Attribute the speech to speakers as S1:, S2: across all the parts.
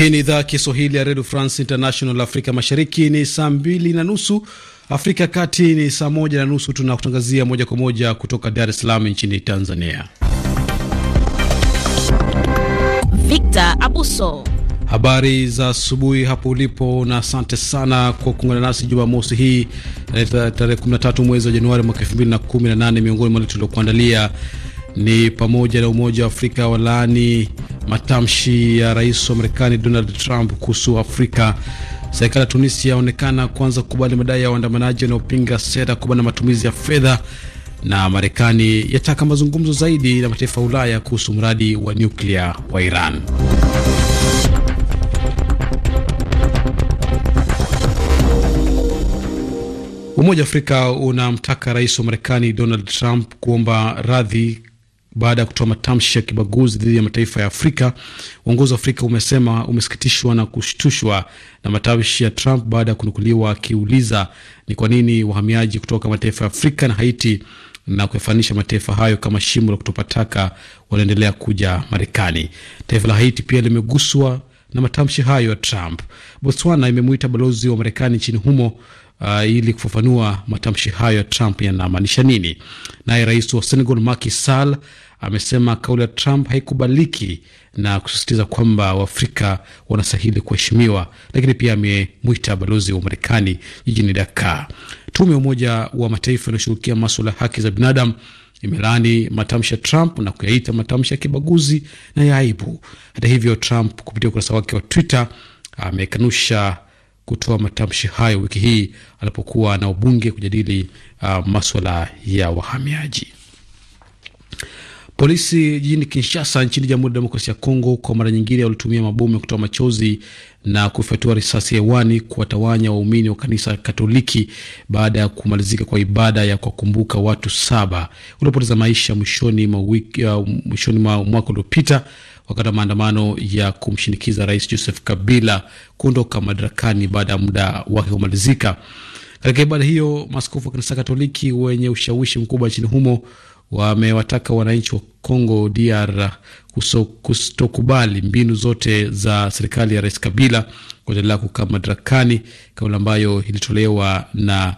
S1: Hii ni idhaa Kiswahili ya redio France International. Afrika mashariki ni saa mbili na nusu, Afrika ya kati ni saa moja na nusu. Tunakutangazia moja kwa moja kutoka Dar es Salaam nchini Tanzania.
S2: Victor Abuso,
S1: habari za asubuhi hapo ulipo, na asante sana kwa kuungana nasi Jumamosi hii eh, tarehe 13 mwezi wa Januari mwaka 2018. Miongoni mwa tuliokuandalia ni pamoja na Umoja wa Afrika walaani matamshi ya rais wa Marekani Donald Trump kuhusu Afrika. Serikali ya Tunisia yaonekana kuanza kukubali madai ya waandamanaji wanaopinga sera na matumizi ya fedha, na Marekani yataka mazungumzo zaidi na mataifa ya Ulaya kuhusu mradi wa nyuklia wa Iran. Umoja wa Afrika unamtaka rais wa Marekani Donald Trump kuomba radhi baada ya kutoa matamshi ya kibaguzi dhidi ya mataifa ya Afrika. Uongozi wa Afrika umesema umesikitishwa na kushtushwa na matamshi ya Trump baada ya kunukuliwa akiuliza ni kwa nini wahamiaji kutoka mataifa ya Afrika na Haiti na kuyafanisha mataifa hayo kama shimo la kutupa taka wanaendelea kuja Marekani. Taifa la Haiti pia limeguswa na matamshi hayo ya Trump. Botswana imemwita balozi wa Marekani nchini humo uh, ili kufafanua matamshi hayo ya Trump yanamaanisha nini. Naye rais wa Senegal Macky Sall amesema kauli ya Trump haikubaliki na kusisitiza kwamba Waafrika wanastahili kuheshimiwa, lakini pia amemwita balozi wa Marekani jijini Dakar. Tume ya Umoja wa Mataifa inayoshughulikia maswala ya haki za binadamu imelaani matamshi ya Trump na kuyaita matamshi ya kibaguzi na ya aibu. Hata hivyo, Trump kupitia ukurasa wake wa Twitter amekanusha kutoa matamshi hayo wiki hii alipokuwa na wabunge kujadili uh, maswala ya wahamiaji. Polisi jijini Kinshasa nchini Jamhuri ya Demokrasia ya Kongo kwa mara nyingine walitumia mabomu ya kutoa machozi na kufyatua risasi hewani kuwatawanya waumini wa kanisa Katoliki baada ya kumalizika kwa ibada ya kuwakumbuka watu saba waliopoteza maisha mwishoni mwa wiki, uh, mwishoni mwa mwaka uliopita wakati wa maandamano ya kumshinikiza Rais Joseph Kabila kuondoka madarakani baada ya muda wake kumalizika. Katika ibada hiyo, maskofu wa kanisa Katoliki wenye ushawishi mkubwa nchini humo wamewataka wananchi wa congo DR kutokubali mbinu zote za serikali ya Rais Kabila kuendelea kukaa madarakani, kauli ambayo ilitolewa na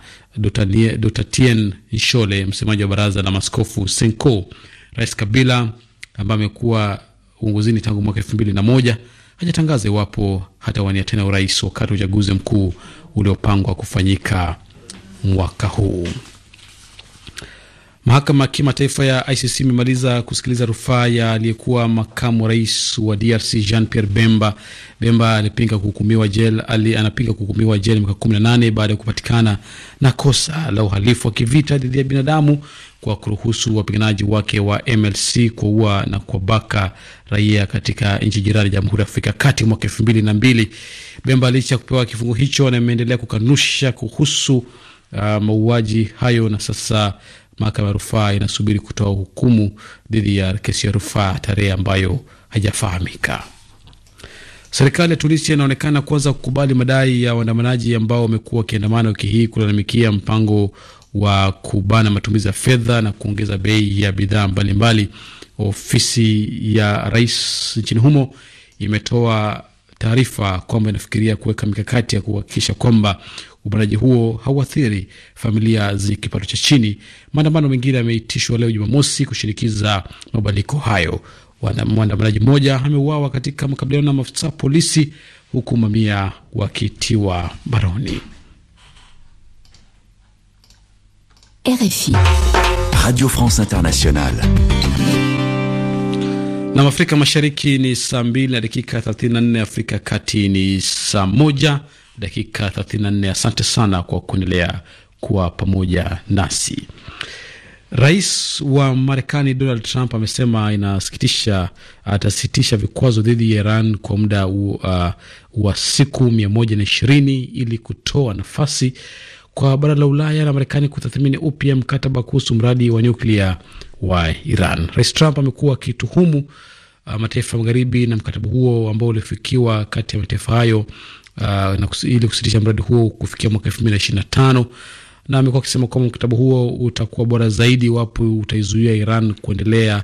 S1: Dr Tien Nshole, msemaji wa baraza la maskofu Senko. Rais Kabila ambaye amekuwa uongozini tangu mwaka elfu mbili na moja hajatangaza iwapo hatawania tena urais wakati wa uchaguzi mkuu uliopangwa kufanyika mwaka huu. Mahakama ya kimataifa ya ICC imemaliza kusikiliza rufaa ya aliyekuwa makamu rais wa DRC Jean Pierre Bemba. Bemba alipinga kuhukumiwa jela, ali anapinga kuhukumiwa jela miaka nane baada ya kupatikana na kosa la uhalifu wa kivita dhidi ya binadamu kwa kuruhusu wapiganaji wake wa MLC kuua na kuwabaka raia katika nchi jirani Jamhuri ya Afrika ya Kati mwaka elfu mbili na mbili. Bemba licha ya kupewa kifungo hicho na imeendelea kukanusha kuhusu uh, mauaji hayo na sasa mahakama ya rufaa inasubiri kutoa hukumu dhidi ya kesi ya rufaa tarehe ambayo haijafahamika. Serikali ya Tunisia inaonekana kuanza kukubali madai ya waandamanaji ambao wamekuwa wakiandamana wiki hii kulalamikia mpango wa kubana matumizi ya fedha na kuongeza bei ya bidhaa mbalimbali. Ofisi ya rais nchini humo imetoa taarifa kwamba inafikiria kuweka mikakati ya kuhakikisha kwamba ubandaji huo hauathiri familia zenye kipato cha chini. Maandamano mengine yameitishwa leo Jumamosi kushinikiza mabadiliko hayo. Mwandamanaji mmoja ameuawa katika makabiliano na maafisa polisi, huku mamia wakitiwa baroni.
S3: RFI
S2: Radio France Internationale.
S1: Afrika Mashariki ni saa 2 na dakika 34, Afrika Kati ni saa moja dakika 34. Asante sana kwa kuendelea kuwa pamoja nasi. Rais wa Marekani Donald Trump amesema inasikitisha, atasitisha vikwazo dhidi ya Iran kwa muda uh, wa siku 120 ili kutoa nafasi kwa bara la Ulaya na Marekani kutathmini upya mkataba kuhusu mradi wa nyuklia wa Iran. Rais Trump amekuwa akituhumu uh, mataifa magharibi na mkataba huo ambao ulifikiwa kati ya mataifa hayo uh, ili kusitisha mradi huo kufikia mwaka elfu mbili na ishirini na tano na amekuwa akisema kwamba mkataba huo utakuwa bora zaidi iwapo utaizuia Iran kuendelea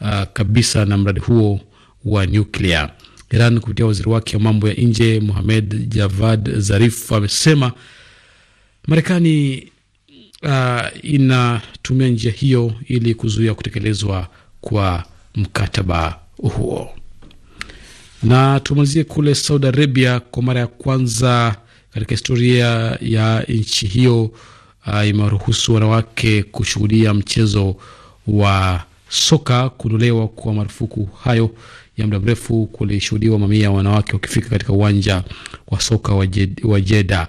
S1: uh, kabisa na mradi huo wa nyuklia. Iran kupitia waziri wake wa mambo ya nje muhamed Javad Zarif amesema Marekani uh, inatumia njia hiyo ili kuzuia kutekelezwa kwa mkataba huo. Na tumalizie kule Saudi Arabia. Kwa mara ya kwanza katika historia ya nchi hiyo uh, imewaruhusu wanawake kushuhudia mchezo wa soka. Kuondolewa kwa marufuku hayo ya muda mrefu kulishuhudiwa mamia ya wanawake wakifika katika uwanja wa soka wa jeda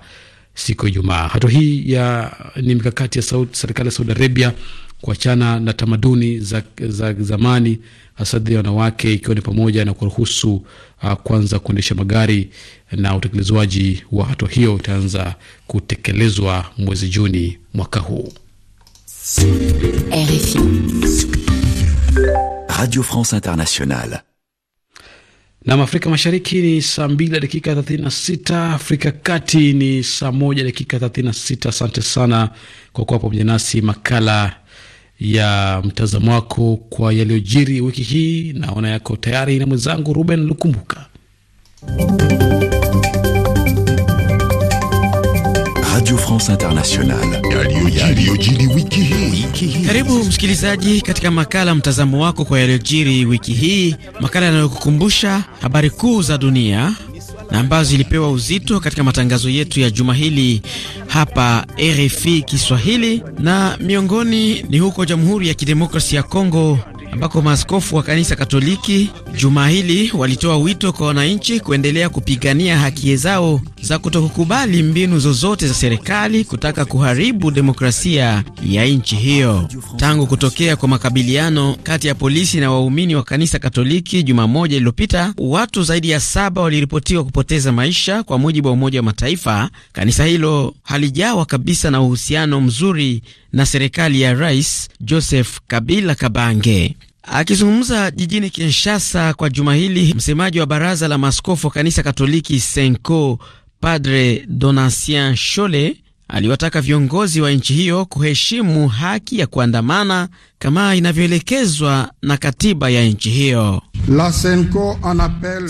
S1: siku ya Ijumaa. Hatua hii ya ni mikakati ya serikali ya Saudi Arabia kuachana na tamaduni za, za zamani hasa dhidi ya wanawake, ikiwa ni pamoja na kuruhusu uh, kwanza kuendesha magari, na utekelezwaji wa hatua hiyo utaanza kutekelezwa mwezi Juni mwaka huu.
S2: Radio France Internationale.
S1: Nam Afrika Mashariki ni saa mbili na dakika 36, Afrika Kati ni saa moja dakika 36. Asante sana kwa kuwa pamoja nasi. Makala ya mtazamo wako kwa yaliyojiri wiki hii. Naona yako tayari na mwenzangu Ruben Lukumbuka.
S4: Radio France Internationale.
S2: Karibu msikilizaji katika makala mtazamo wako kwa yaliyojiri wiki hii, makala yanayokukumbusha habari kuu za dunia na ambazo zilipewa uzito katika matangazo yetu ya juma hili hapa RFI Kiswahili, na miongoni ni huko Jamhuri ya Kidemokrasia ya Kongo ambako maaskofu wa kanisa Katoliki juma hili walitoa wito kwa wananchi kuendelea kupigania haki zao za kutokukubali mbinu zozote za serikali kutaka kuharibu demokrasia ya nchi hiyo. Tangu kutokea kwa makabiliano kati ya polisi na waumini wa kanisa Katoliki juma moja iliyopita, watu zaidi ya saba waliripotiwa kupoteza maisha, kwa mujibu wa Umoja wa Mataifa. Kanisa hilo halijawa kabisa na uhusiano mzuri na serikali ya Rais Joseph Kabila Kabange. Akizungumza jijini Kinshasa kwa juma hili, msemaji wa baraza la maskofu wa kanisa Katoliki Senko, Padre Donatien Chole aliwataka viongozi wa nchi hiyo kuheshimu haki ya kuandamana kama inavyoelekezwa na katiba ya nchi hiyo.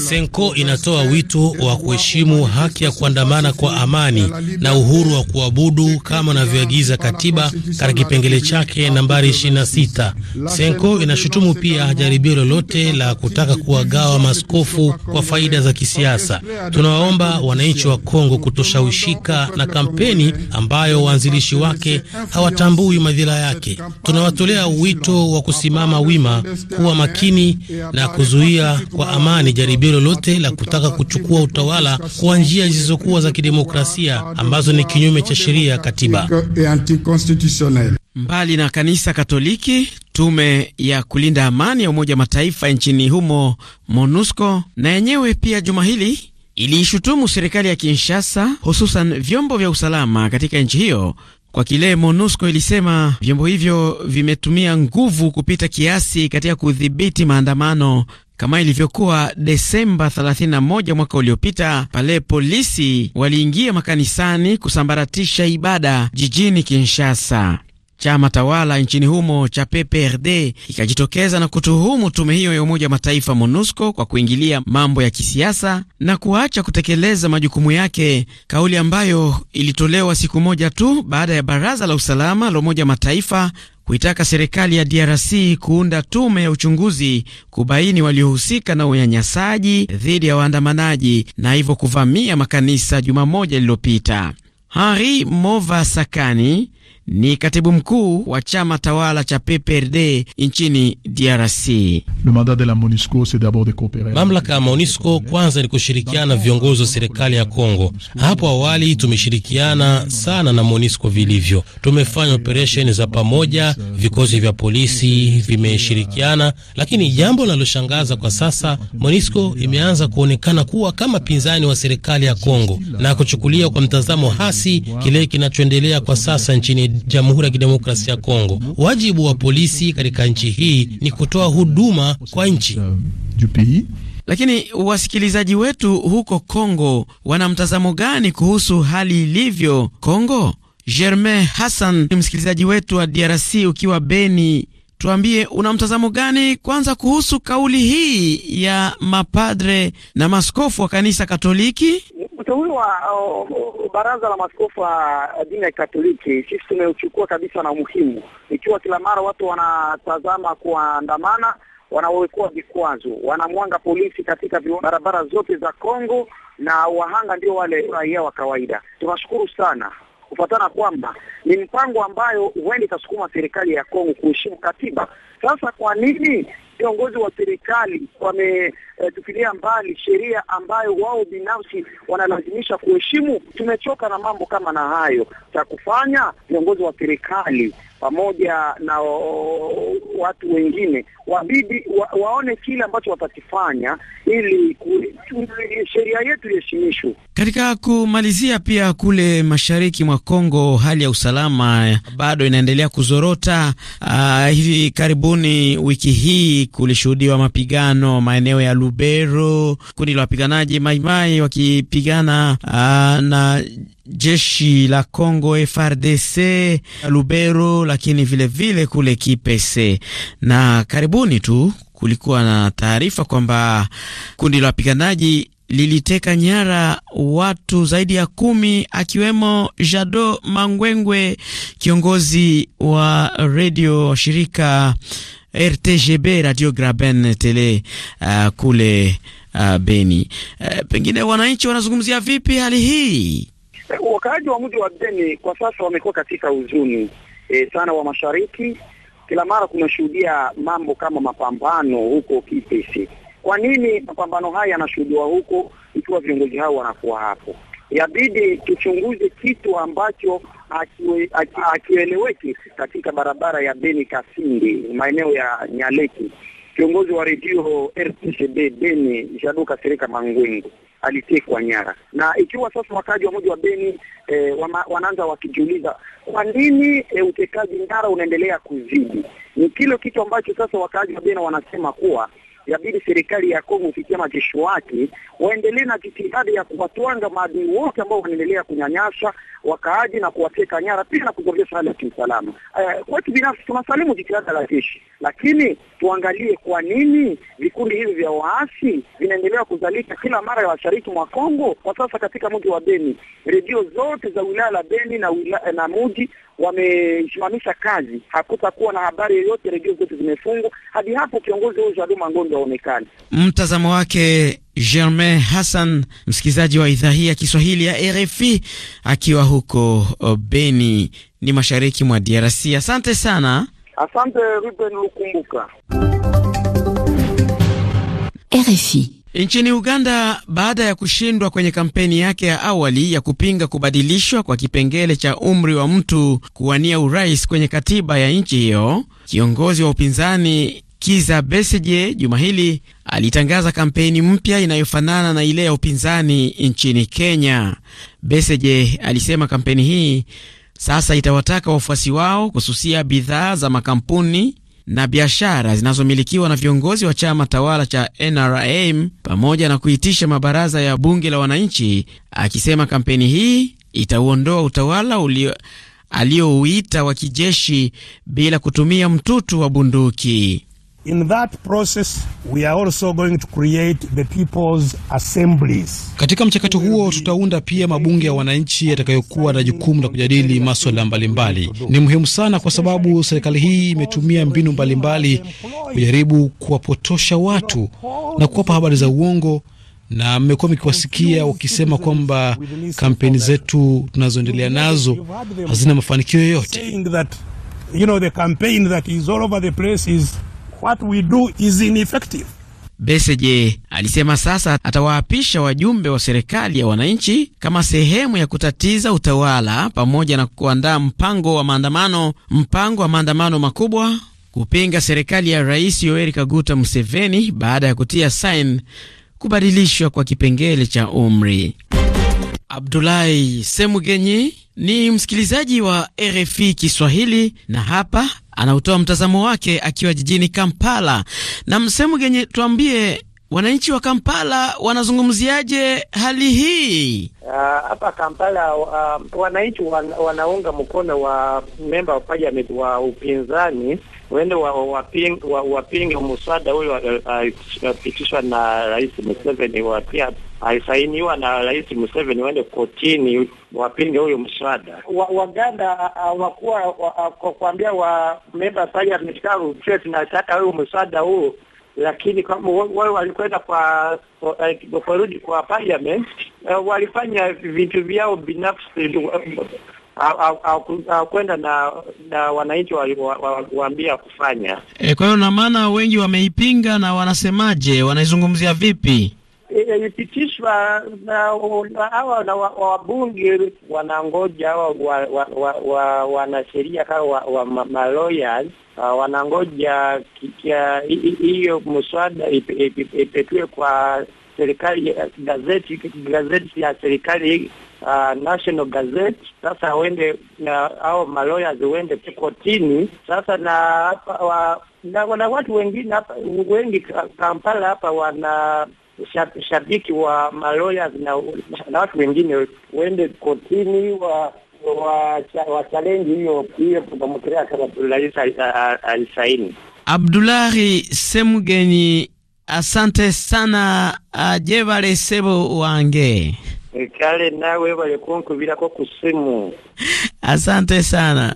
S5: Senko inatoa wito wa kuheshimu haki ya kuandamana kwa amani na uhuru wa kuabudu kama anavyoagiza katiba katika kipengele chake nambari 26. Senko inashutumu pia jaribio lolote la kutaka kuwagawa maskofu kwa faida za kisiasa. Tunawaomba wananchi wa Kongo kutoshawishika na kampeni ambayo waanzilishi wake hawatambui madhila yake. Tunawatolea wito wa kusimama wima, kuwa makini na kuzuia kwa amani jaribio lolote la kutaka kuchukua utawala kwa njia zisizokuwa za kidemokrasia ambazo ni kinyume cha sheria,
S4: katiba.
S2: Mbali na kanisa Katoliki, tume ya kulinda amani ya Umoja wa Mataifa nchini humo MONUSCO na yenyewe pia juma hili iliishutumu serikali ya Kinshasa, hususan vyombo vya usalama katika nchi hiyo kwa kile MONUSCO ilisema vyombo hivyo vimetumia nguvu kupita kiasi katika kudhibiti maandamano kama ilivyokuwa Desemba 31 mwaka uliopita pale polisi waliingia makanisani kusambaratisha ibada jijini Kinshasa chama tawala nchini humo cha PPRD kikajitokeza na kutuhumu tume hiyo ya Umoja wa Mataifa MONUSCO kwa kuingilia mambo ya kisiasa na kuacha kutekeleza majukumu yake, kauli ambayo ilitolewa siku moja tu baada ya Baraza la Usalama la Umoja wa Mataifa kuitaka serikali ya DRC kuunda tume ya uchunguzi kubaini waliohusika na unyanyasaji dhidi ya waandamanaji na hivyo kuvamia makanisa juma moja lililopita. Henri Mova Sakani ni katibu mkuu wa chama tawala cha PPRD nchini DRC. Mamlaka ya MONUSCO kwanza ni
S5: kushirikiana viongozi wa serikali ya Kongo. Hapo awali tumeshirikiana sana na MONUSCO vilivyo, tumefanya operesheni za pamoja, vikosi vya polisi vimeshirikiana, lakini jambo linaloshangaza kwa sasa, MONUSCO imeanza kuonekana kuwa kama pinzani wa serikali ya Kongo na kuchukulia kwa mtazamo hasi kile kinachoendelea kwa sasa nchini Jamhuri ya Kidemokrasia ya Kongo. Wajibu wa polisi katika nchi hii
S2: ni kutoa huduma kwa nchi. Lakini wasikilizaji wetu huko Kongo wana mtazamo gani kuhusu hali ilivyo Kongo? Germain Hassan ni msikilizaji wetu wa DRC ukiwa Beni tuambie una mtazamo gani kwanza kuhusu kauli hii ya mapadre na maskofu wa kanisa Katoliki?
S6: Uteuzi wa uh, baraza la maskofu wa dini ya Katoliki sisi tumeuchukua kabisa na umuhimu, ikiwa kila mara watu wanatazama kuandamana, wanawekewa vikwazo, wanamwanga polisi katika barabara zote za Kongo na wahanga ndio wale raia wa kawaida. Tunashukuru sana kufuatana kwamba ni mpango ambayo huenda itasukuma serikali ya Kongo kuheshimu katiba. Sasa kwa nini viongozi wa serikali wametupilia eh, mbali sheria ambayo wao binafsi wanalazimisha kuheshimu? Tumechoka na mambo kama na hayo. Cha kufanya viongozi wa serikali pamoja na watu wengine wabidi wa, waone kile ambacho watakifanya ili sheria yetu iheshimishwe.
S2: Katika kumalizia, pia kule mashariki mwa Kongo hali ya usalama bado inaendelea kuzorota. Uh, hivi karibuni wiki hii kulishuhudiwa mapigano maeneo ya Lubero, kundi la wapiganaji Maimai wakipigana uh, na jeshi la Congo FRDC Lubero, lakini vilevile vile kule kpc Na karibuni tu kulikuwa na taarifa kwamba kundi la wapiganaji liliteka nyara watu zaidi ya kumi akiwemo Jado Mangwengwe, kiongozi wa redio shirika RTGB Radio Graben Tele uh, kule uh, Beni. Uh, pengine wananchi wanazungumzia vipi hali hii? Wakaaji wa mji wa Beni kwa sasa
S6: wamekuwa katika huzuni e, sana wa mashariki. Kila mara kunashuhudia mambo kama mapambano huko kpc Kwa nini mapambano haya yanashuhudiwa huko ikiwa viongozi hao wanakuwa hapo? Yabidi tuchunguze kitu ambacho akieleweki katika barabara ya Beni Kasindi, maeneo ya Nyaleki. Kiongozi wa redio RTCB Beni Jado Kasereka Mangwengo alitekwa nyara, na ikiwa sasa wakaji wa mji wa Beni e, wanaanza wakijiuliza kwa nini e, utekaji nyara unaendelea kuzidi. Ni kile kitu ambacho sasa wakaaji wa Beni wanasema kuwa yabidi serikali ya Kongo kupitia majeshi wake waendelee na jitihada ya kuwatwanga maadui wote ambao wanaendelea kunyanyasa wakaaji na kuwateka nyara, pia na kuzorotesha hali ya kiusalama. Uh, kwetu binafsi tunasalimu jitihada la jeshi, lakini tuangalie kwa nini vikundi hivi vya waasi vinaendelea kuzalika kila mara ya washariki mwa Kongo. Kwa sasa katika mji wa Beni, redio zote za wilaya la Beni na, na mji wamesimamisha kazi, hakutakuwa na habari yoyote, redio zote zimefungwa hadi hapo kiongozi huyo Jaduma Mangondo aonekane.
S2: Mtazamo wake Germain Hassan, msikilizaji wa idhaa hii ya Kiswahili ya RFI akiwa huko uh, Beni, ni mashariki mwa DRC. Asante sana. Asante Ruben Lukumbuka, RFI. Nchini Uganda, baada ya kushindwa kwenye kampeni yake ya awali ya kupinga kubadilishwa kwa kipengele cha umri wa mtu kuwania urais kwenye katiba ya nchi hiyo, kiongozi wa upinzani Kiza Beseje juma hili alitangaza kampeni mpya inayofanana na ile ya upinzani nchini Kenya. beseje alisema kampeni hii sasa itawataka wafuasi wao kususia bidhaa za makampuni na biashara zinazomilikiwa na viongozi wa chama tawala cha NRM pamoja na kuitisha mabaraza ya bunge la wananchi, akisema kampeni hii itauondoa utawala ulio aliouita wa kijeshi bila kutumia mtutu wa bunduki.
S5: In that process, we are also going to create the people's assemblies.
S1: Katika mchakato huo tutaunda pia mabunge ya wananchi yatakayokuwa na jukumu la kujadili maswala mbalimbali. Ni muhimu sana kwa sababu serikali hii imetumia mbinu mbalimbali kujaribu kuwapotosha watu na kuwapa habari za uongo na mmekuwa mkiwasikia wakisema kwamba kampeni zetu tunazoendelea nazo hazina mafanikio yoyote.
S5: What we do is ineffective.
S2: Beseje alisema sasa atawaapisha wajumbe wa serikali ya wananchi kama sehemu ya kutatiza utawala pamoja na kuandaa mpango wa maandamano, mpango wa maandamano makubwa kupinga serikali ya Rais Yoweri Kaguta Museveni baada ya kutia sain kubadilishwa kwa kipengele cha umri. Abdulahi Semugenyi ni msikilizaji wa RFI Kiswahili na hapa anautoa mtazamo wake akiwa jijini Kampala. Na genye tuambie wananchi wa Kampala wanazungumziaje hali hii?
S4: Ah, hapa uh, Kampala uh, wananchi wan, wanaunga mkono wa memba wa parliament wa upinzani wende wapinge wa, wa, wa, wa, mswada huyo alipitishwa uh, uh, na Rais Museveni wa pia haisainiwa na Rais Museveni waende kotini wapinge huyo mswada. Waganda hawakuwa kwa kuambia wa memba sai na tunataka huyo mswada huo, lakini kama wao walikwenda kwa kurudi kwa parliament e, walifanya vitu vyao binafsi, e, hawakwenda na na wananchi waliwaambia kufanya.
S2: E, kwa hiyo na maana wengi wameipinga, na wanasemaje, wanaizungumzia vipi?
S4: e, na hawa na wabunge wanangoja wa wanasheria kama wa uh, wanangoja uh, hiyo mswada ipetue kwa serikali gazeti gazeti ya serikali uh, National Gazette. Sasa wende na uh, au maloyers wende kotini sasa na hapa wa, na, na watu wengine hapa wengi Kampala hapa wana shabiki wa maloya na, na watu wengine waende kotini wa wa challenge hiyo hiyo tukamkrea kama alisaini
S2: Abdulahi Semugeni. Asante sana ajebale sebo wange
S4: e, kale nawe balikunkubirako kusimu.
S2: Asante sana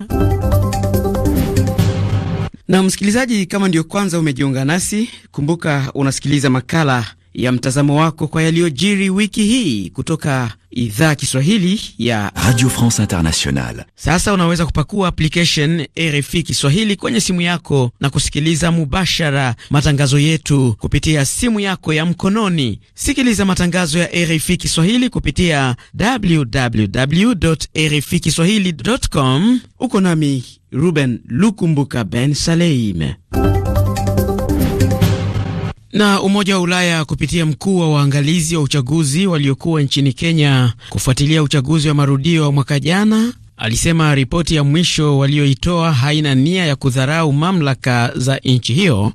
S2: na msikilizaji, kama ndio kwanza umejiunga nasi, kumbuka unasikiliza makala ya mtazamo wako kwa yaliyojiri wiki hii kutoka idhaa Kiswahili ya Radio France Internationale. Sasa unaweza kupakua application RFI Kiswahili kwenye simu yako na kusikiliza mubashara matangazo yetu kupitia simu yako ya mkononi. Sikiliza matangazo ya RFI Kiswahili kupitia www rf kiswahili.com. Uko nami Ruben Lukumbuka Ben Saleim. Na Umoja wa Ulaya kupitia mkuu wa waangalizi wa uchaguzi waliokuwa nchini Kenya kufuatilia uchaguzi wa marudio wa mwaka jana alisema ripoti ya mwisho walioitoa haina nia ya kudharau mamlaka za nchi hiyo,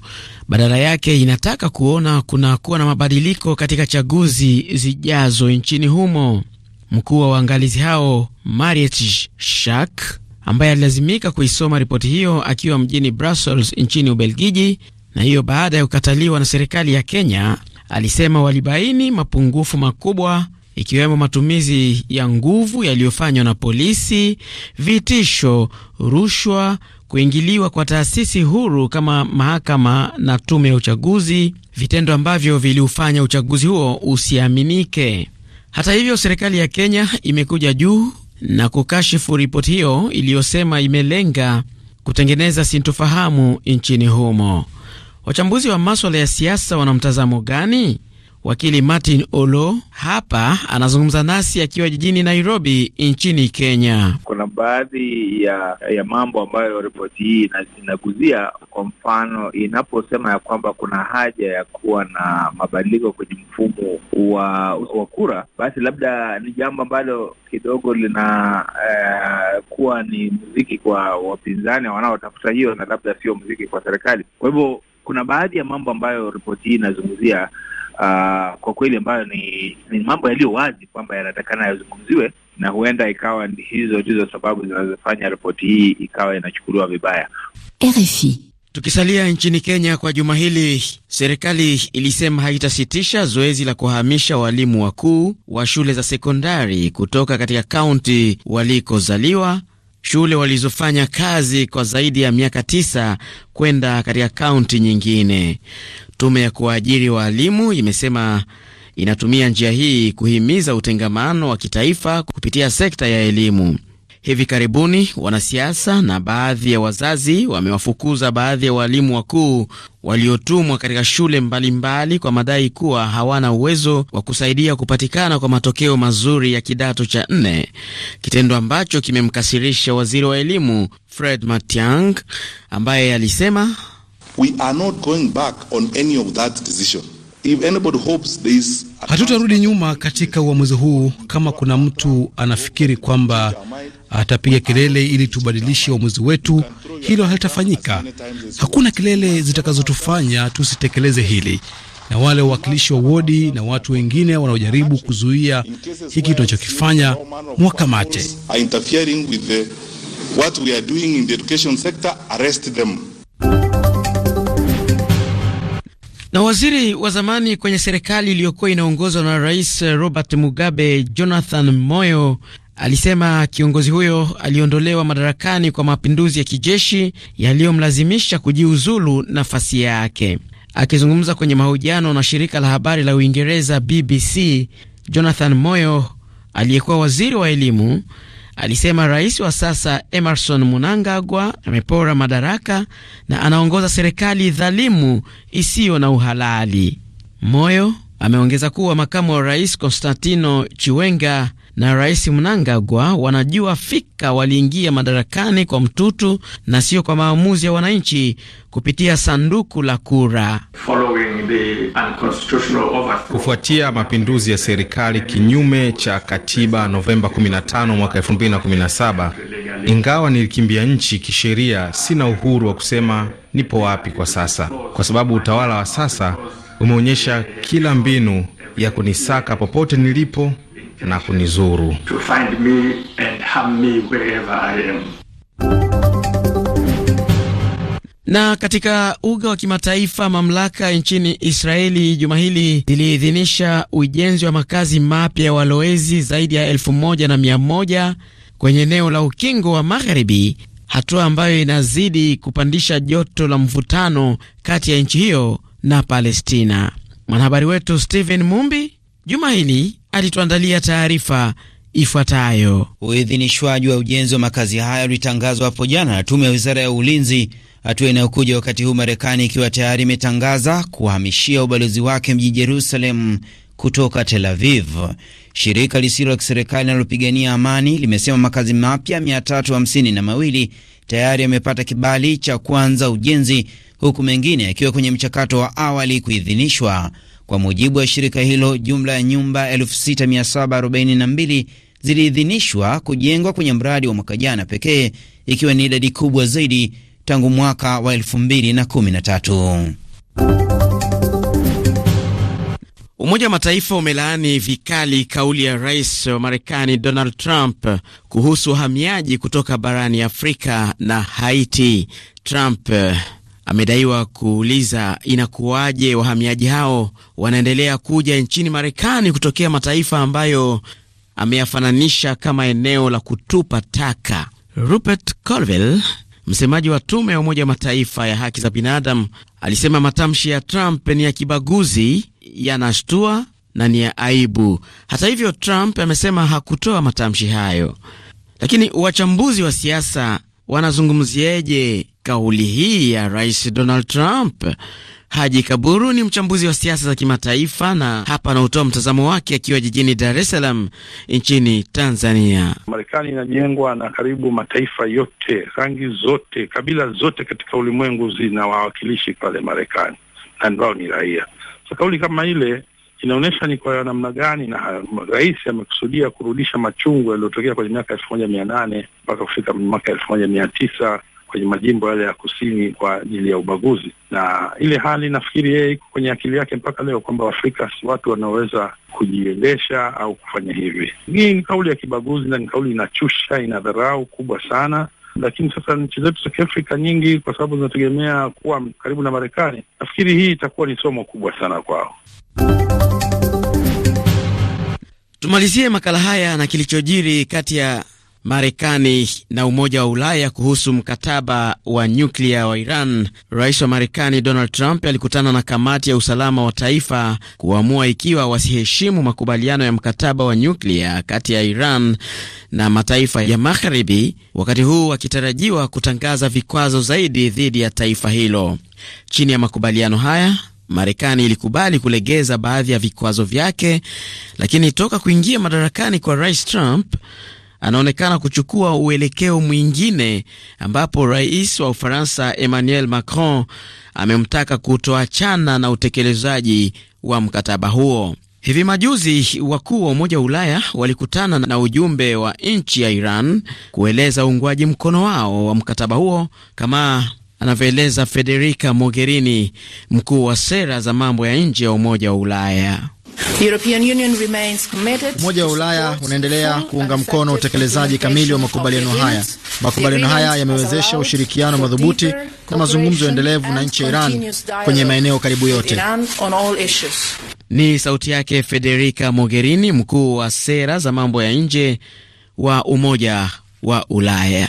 S2: badala yake inataka kuona kuna kuwa na mabadiliko katika chaguzi zijazo nchini humo. Mkuu wa waangalizi hao Mariet Shak ambaye alilazimika kuisoma ripoti hiyo akiwa mjini Brussels nchini Ubelgiji na hiyo baada ya kukataliwa na serikali ya Kenya. Alisema walibaini mapungufu makubwa ikiwemo matumizi ya nguvu yaliyofanywa na polisi, vitisho, rushwa, kuingiliwa kwa taasisi huru kama mahakama na tume ya uchaguzi, vitendo ambavyo viliufanya uchaguzi huo usiaminike. Hata hivyo, serikali ya Kenya imekuja juu na kukashifu ripoti hiyo iliyosema imelenga kutengeneza sintofahamu nchini humo. Wachambuzi wa maswala ya siasa wana mtazamo gani? Wakili Martin Olo hapa anazungumza nasi akiwa jijini Nairobi nchini Kenya.
S4: Kuna baadhi ya ya mambo ambayo ripoti hii inaguzia. Kwa mfano, inaposema ya kwamba kuna haja ya kuwa na mabadiliko kwenye mfumo wa, wa kura, basi labda ni jambo ambalo kidogo lina eh, kuwa ni mziki kwa wapinzani wanaotafuta hiyo, na labda sio muziki kwa serikali. Kwa hivyo kuna baadhi ya mambo ambayo ripoti hii inazungumzia uh, kwa kweli ambayo ni, ni mambo yaliyo wazi kwamba yanatakana yazungumziwe, na huenda ikawa hizo ndizo sababu zinazofanya ripoti hii ikawa inachukuliwa vibaya.
S2: RFI. Tukisalia nchini Kenya, kwa juma hili serikali ilisema haitasitisha zoezi la kuhamisha walimu wakuu wa shule za sekondari kutoka katika kaunti walikozaliwa shule walizofanya kazi kwa zaidi ya miaka tisa kwenda katika kaunti nyingine. Tume ya kuwaajiri waalimu imesema inatumia njia hii kuhimiza utengamano wa kitaifa kupitia sekta ya elimu. Hivi karibuni wanasiasa na baadhi ya wazazi wamewafukuza baadhi ya walimu wakuu waliotumwa katika shule mbalimbali mbali kwa madai kuwa hawana uwezo wa kusaidia kupatikana kwa matokeo mazuri ya kidato cha nne, kitendo ambacho kimemkasirisha waziri wa elimu Fred Matiang'i ambaye alisema,
S5: We are not going back on any of that decision. Hatutarudi nyuma katika
S1: uamuzi huu. Kama kuna mtu anafikiri kwamba atapiga kelele ili tubadilishe uamuzi wetu, hilo halitafanyika. Hakuna kelele zitakazotufanya tusitekeleze hili, na wale wawakilishi wa wodi na watu wengine wanaojaribu kuzuia hiki tunachokifanya mwakamate.
S2: Na waziri wa zamani kwenye serikali iliyokuwa inaongozwa na Rais Robert Mugabe, Jonathan Moyo alisema kiongozi huyo aliondolewa madarakani kwa mapinduzi ya kijeshi yaliyomlazimisha kujiuzulu nafasi yake. Akizungumza kwenye mahojiano na shirika la habari la Uingereza BBC, Jonathan Moyo aliyekuwa waziri wa elimu alisema rais wa sasa Emerson Mnangagwa amepora madaraka na anaongoza serikali dhalimu isiyo na uhalali. Moyo ameongeza kuwa makamu wa rais Konstantino Chiwenga na Rais Mnangagwa wanajua fika waliingia madarakani kwa mtutu na sio kwa maamuzi ya wananchi kupitia sanduku la kura.
S5: Kufuatia mapinduzi ya serikali kinyume cha katiba Novemba 15 mwaka 2017, ingawa nilikimbia nchi kisheria, sina uhuru wa kusema nipo wapi kwa sasa, kwa sababu utawala wa sasa umeonyesha kila mbinu ya kunisaka popote nilipo
S2: na kunizuru. Na katika uga wa kimataifa, mamlaka nchini Israeli juma hili ziliidhinisha ujenzi wa makazi mapya ya walowezi zaidi ya elfu moja na mia moja kwenye eneo la ukingo wa Magharibi, hatua ambayo inazidi kupandisha joto la mvutano kati ya nchi hiyo na Palestina. Mwanahabari wetu Stephen Mumbi juma hili alituandalia taarifa ifuatayo. Uidhinishwaji wa ujenzi wa makazi haya ulitangazwa hapo jana na tume ya wizara ya ulinzi, hatua inayokuja wakati huu Marekani ikiwa tayari imetangaza kuhamishia ubalozi wake mjini Jerusalem kutoka Tel Aviv. Shirika lisilo la kiserikali linalopigania amani limesema makazi mapya mia tatu hamsini na mawili tayari yamepata kibali cha kuanza ujenzi huku mengine yakiwa kwenye mchakato wa awali kuidhinishwa. Kwa mujibu wa shirika hilo, jumla ya nyumba 6742 ziliidhinishwa kujengwa kwenye mradi wa mwaka jana pekee, ikiwa ni idadi kubwa zaidi tangu mwaka wa 2013. Umoja wa Mataifa umelaani vikali kauli ya rais wa Marekani Donald Trump kuhusu wahamiaji kutoka barani Afrika na Haiti. Trump amedaiwa kuuliza inakuwaje wahamiaji hao wanaendelea kuja nchini Marekani kutokea mataifa ambayo ameyafananisha kama eneo la kutupa taka. Rupert Colville, msemaji wa tume ya Umoja wa Mataifa ya haki za binadamu, alisema matamshi ya Trump ni ya kibaguzi, yanashtua na ni ya aibu. Hata hivyo, Trump amesema hakutoa matamshi hayo. Lakini wachambuzi wa siasa wanazungumzieje kauli hii ya Rais Donald Trump. Haji Kaburu ni mchambuzi wa siasa za kimataifa na hapa anautoa mtazamo wake akiwa jijini Dar es Salaam nchini Tanzania.
S4: Marekani inajengwa na karibu mataifa yote, rangi zote, kabila zote katika ulimwengu zina wawakilishi pale Marekani na ambao ni raia. So kauli kama ile inaonyesha ni kwa namna gani na rais amekusudia kurudisha machungu yaliyotokea kwenye miaka elfu moja mia nane mpaka kufika mwaka elfu moja mia tisa kwenye majimbo yale ya kusini kwa ajili ya ubaguzi, na ile hali nafikiri yeye iko kwenye akili yake mpaka leo kwamba Waafrika si watu wanaoweza kujiendesha au kufanya hivi. Hii ni kauli ya kibaguzi na ni kauli inachusha, ina dharau kubwa sana lakini sasa nchi zetu za Kiafrika nyingi, kwa sababu zinategemea kuwa karibu na Marekani, nafikiri hii itakuwa ni somo kubwa sana kwao.
S2: Tumalizie makala haya na kilichojiri kati ya Marekani na Umoja wa Ulaya kuhusu mkataba wa nyuklia wa Iran, rais wa Marekani Donald Trump alikutana na kamati ya usalama wa taifa kuamua ikiwa wasiheshimu makubaliano ya mkataba wa nyuklia kati ya Iran na mataifa ya Magharibi, wakati huu akitarajiwa kutangaza vikwazo zaidi dhidi ya taifa hilo. Chini ya makubaliano haya Marekani ilikubali kulegeza baadhi ya vikwazo vyake, lakini toka kuingia madarakani kwa rais Trump, anaonekana kuchukua uelekeo mwingine, ambapo rais wa Ufaransa Emmanuel Macron amemtaka kutoachana na utekelezaji wa mkataba huo. Hivi majuzi wakuu wa Umoja wa Ulaya walikutana na ujumbe wa nchi ya Iran kueleza uungwaji mkono wao wa mkataba huo, kama anavyoeleza Federica Mogherini, mkuu wa sera za mambo ya nje ya Umoja wa Ulaya. Umoja wa Ulaya unaendelea kuunga mkono utekelezaji kamili wa makubaliano haya. Makubaliano
S1: haya yamewezesha ushirikiano madhubuti na mazungumzo endelevu na nchi ya Iran kwenye maeneo
S2: karibu yote. Ni sauti yake Federica Mogherini, mkuu wa sera za mambo ya nje wa Umoja wa Ulaya.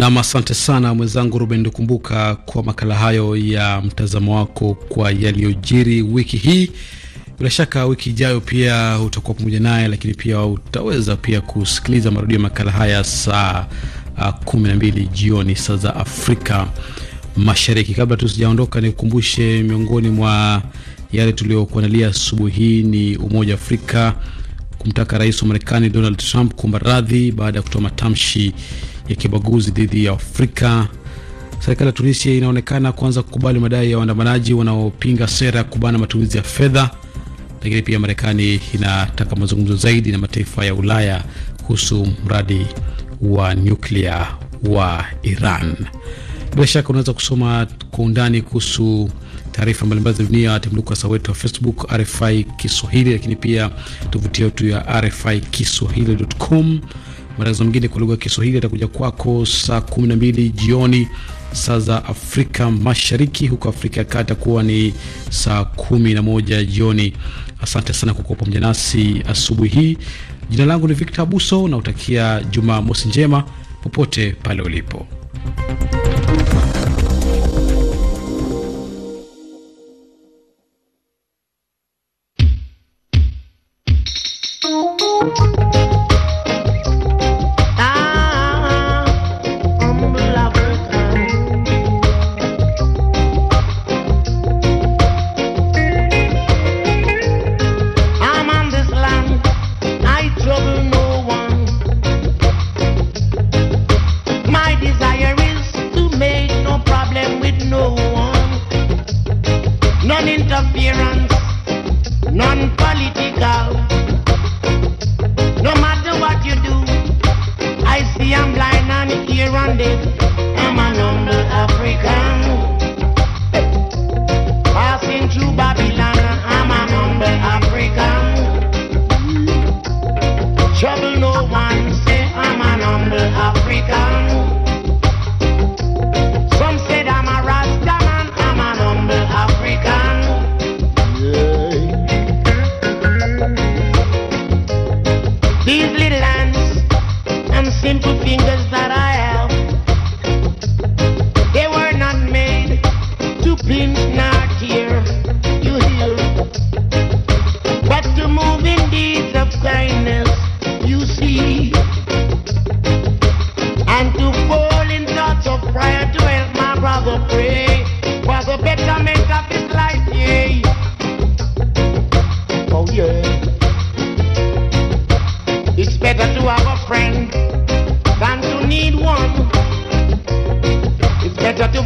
S1: Nam, asante sana mwenzangu Ruben dukumbuka kwa makala hayo ya mtazamo wako kwa yaliyojiri wiki hii. Bila shaka wiki ijayo pia utakuwa pamoja naye, lakini pia utaweza pia kusikiliza marudio ya makala haya saa ah, kumi na mbili jioni saa za Afrika Mashariki. Kabla tusijaondoka, sijaondoka, nikukumbushe miongoni mwa yale tuliyokuandalia asubuhi hii ni Umoja wa Afrika kumtaka rais wa Marekani Donald Trump kuomba radhi baada ya kutoa matamshi ya kibaguzi dhidi ya Afrika. Serikali ya Tunisia inaonekana kuanza kukubali madai ya waandamanaji wanaopinga sera ya kubana matumizi ya fedha, lakini pia Marekani inataka mazungumzo zaidi na mataifa ya Ulaya kuhusu mradi wa nyuklia wa Iran. Bila shaka unaweza kusoma kwa undani kuhusu taarifa mbalimbali za dunia, tembelea ukurasa wetu wa Facebook RFI Kiswahili, lakini pia tovuti yetu ya RFI Kiswahili.com. Matangazo mengine kwa lugha ya Kiswahili yatakuja kwako saa 12 jioni saa za Afrika Mashariki, huko Afrika ya Kati itakuwa ni saa 11 jioni. Asante sana kwa kuwa pamoja nasi asubuhi hii. Jina langu ni Victor Abuso na utakia Jumamosi njema popote pale ulipo.
S3: Sempre pingas dará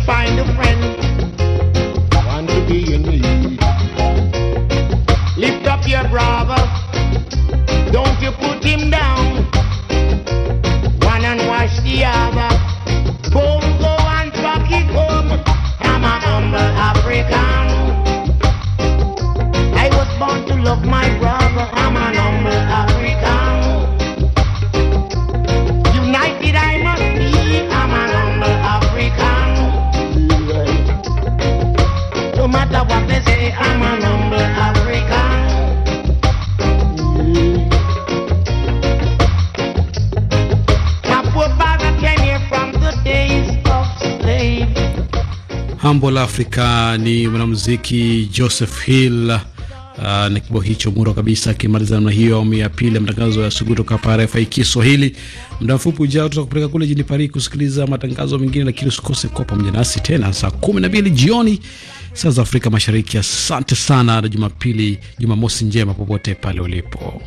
S3: find a friend, want to be in need. Lift up your brother, don't you put him down. One and wash the other. Come go and fuck it home. I'm a humble African. I was born to love my brother. I'm an
S1: Ambo la Afrika ni mwanamuziki Joseph Hill. Uh, na kibao hicho muro kabisa akimaliza namna hiyo awamu ya pili ya matangazo ya asubuhi kutoka hapa RFI Kiswahili. Muda mfupi ujao tutakupeleka kule jijini Paris kusikiliza matangazo mengine, lakini usikose kuwa pamoja nasi tena saa kumi na mbili jioni saa za Afrika Mashariki. Asante sana na Jumapili, Jumamosi njema popote pale ulipo.